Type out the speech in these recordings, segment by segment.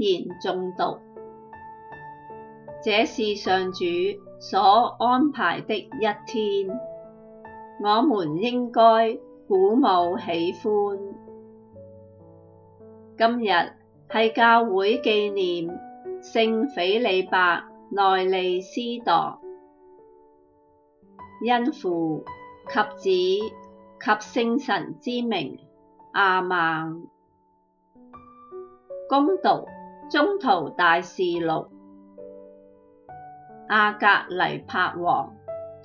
嚴重毒，這是上主所安排的一天，我們應該鼓舞喜歡。今日係教會紀念聖斐理伯．內利司鐸，因父及子及聖神之名，阿們。恭讀。宗徒大事錄，阿格黎帕王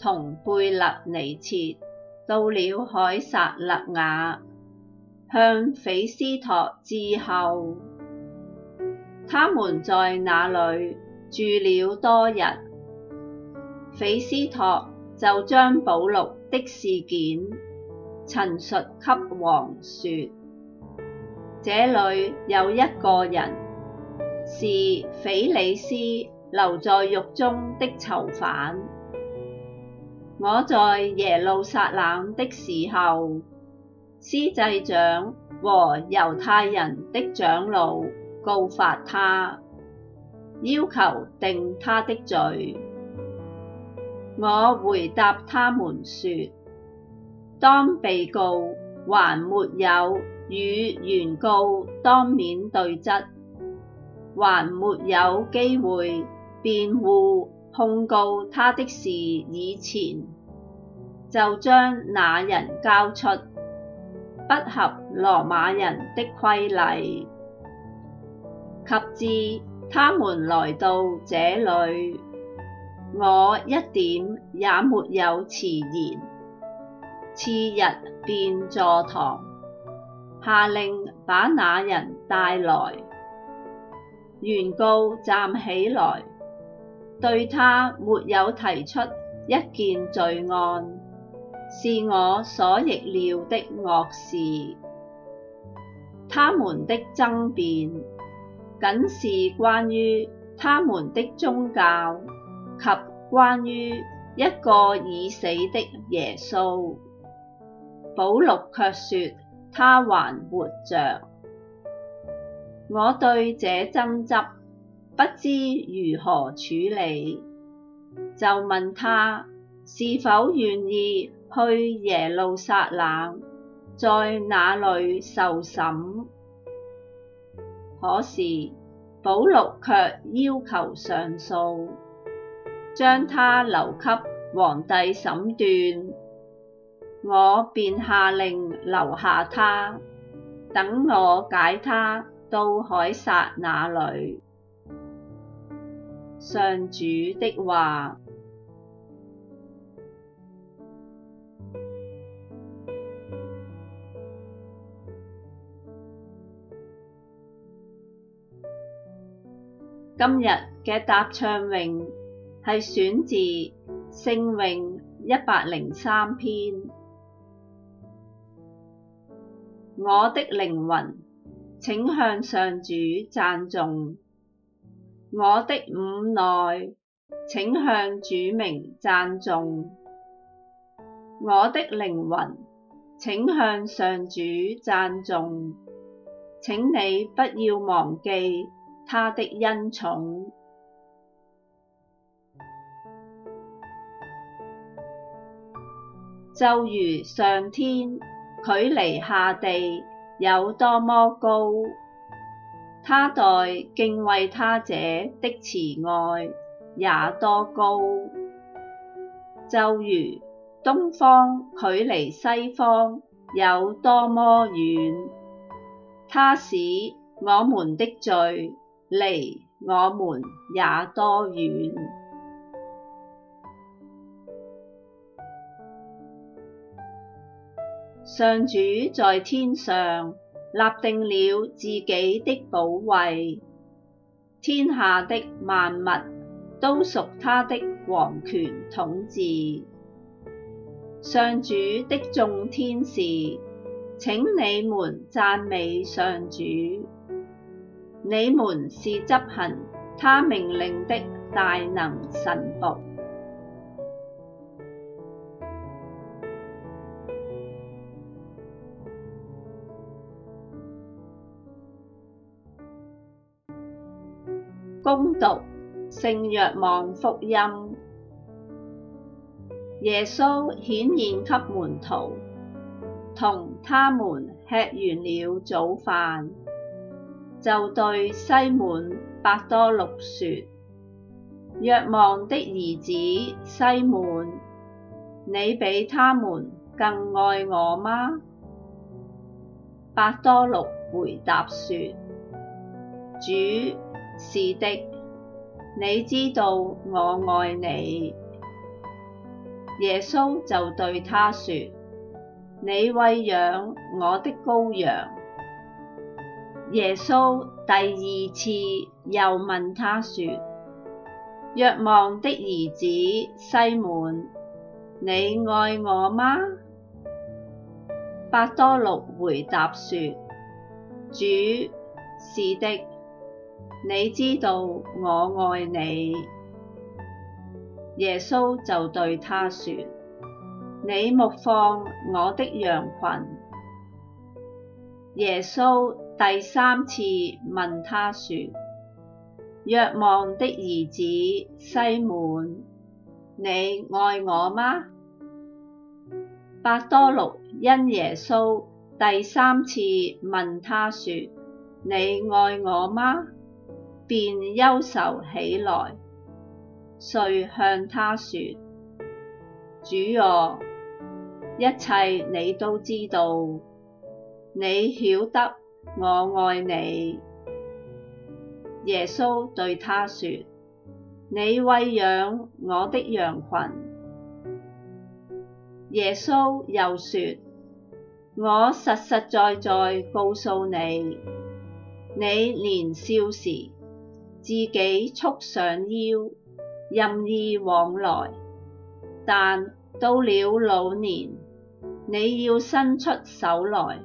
同貝勒尼切到了凱撒勒雅，向斐斯托致候。他們在那裏住了多日，斐斯托就將保祿的事件，陳述給王說：這裏有一個人。是斐理斯留在獄中的囚犯。我在耶路撒冷的時候，司祭長和猶太人的長老告發他，要求定他的罪。我回答他們說：當被告還沒有與原告當面對質。還沒有機會辯護控告他的事以前，就將那人交出，不合羅馬人的規例。及至他們來到這裡，我一點也沒有遲延。次日便坐堂，下令把那人帶來。原告站起來，對他沒有提出一件罪案，是我所逆料的惡事。他們的爭辯，僅是關於他們的宗教及關於一個已死的耶穌。保禄卻說，他還活着。我對這爭執不知如何處理，就問他是否願意去耶路撒冷，在那裏受審。可是保祿却要求上訴，將他留給皇帝審斷。我便下令留下他，等我解他。到凱撒那裏，上主的話。今日嘅答唱詠係選自聖詠一百零三篇，我的靈魂。請向上主讚頌，我的五內，請向主名讚頌。我的靈魂，請向上主讚頌，請你不要忘記他的恩寵。就如上天距離下地有多麼高，他待敬畏他者的慈愛也多高；就如東方距離西方有多麼遠，他使我們的罪離我們也多遠。上主在天上立定了自己的寶位，天下的萬物都屬他的王權統治。上主的眾天使，請你們讚美上主，你們是執行他命令的大能臣僕。恭讀聖若望福音，耶穌顯現給門徒，同他們吃完了早飯，就對西滿伯多祿說：若望的兒子西滿，你比他們更愛我嗎？伯多祿回答說：主。是的，你知道我愛你。耶穌就對他說：你餵養我的羔羊。耶穌第二次又問他說：若望的兒子西滿，你愛我嗎？伯多祿回答說：主，是的。你知道我愛你，耶穌就對他說：你牧放我的羊群。耶穌第三次問他說：若望的兒子西滿，你愛我嗎？伯多祿因耶穌第三次問他說：你愛我嗎？便憂愁起來，遂向他說：主啊，一切你都知道，你曉得我愛你。耶穌對他說：你餵養我的羊群。耶穌又說：我實實在在告訴你，你年少時，自己束上腰，任意往來，但到了老年，你要伸出手來，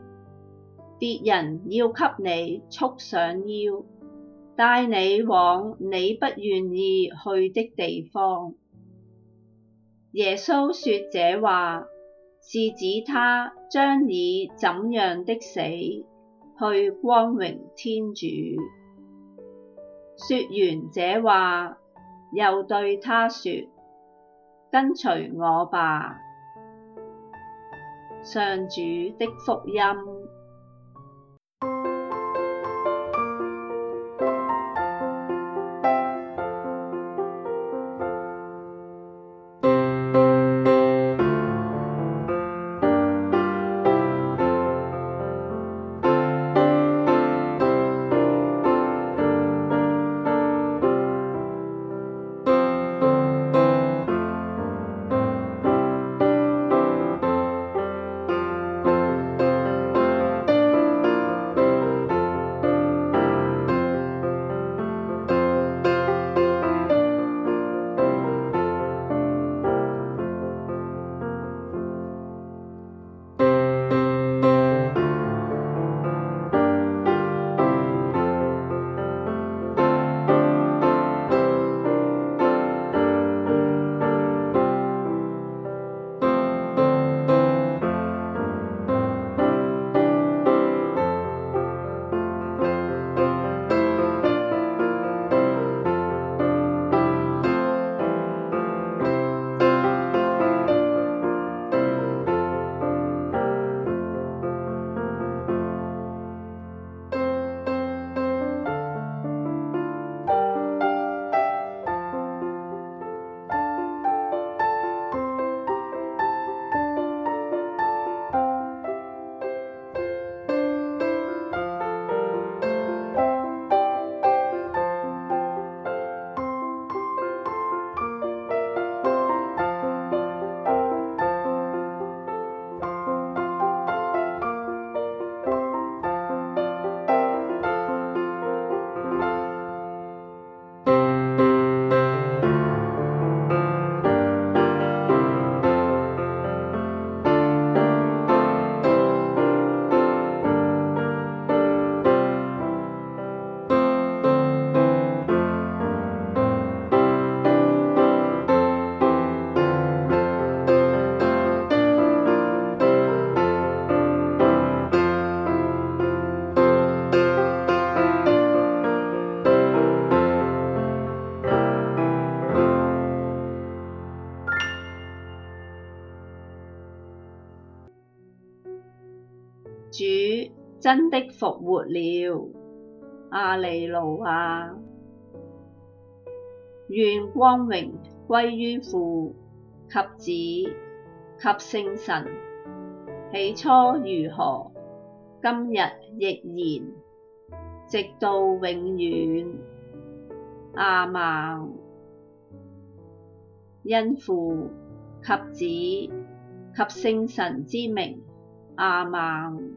別人要給你束上腰，帶你往你不願意去的地方。耶穌說這話，是指他將以怎樣的死，去光榮天主。說完這話，又對他說：跟隨我吧，上主的福音。主真的復活了，阿里路亞！願光榮歸於父及子及聖神，起初如何，今日亦然，直到永遠。阿們，因父及子及聖神之名，阿們。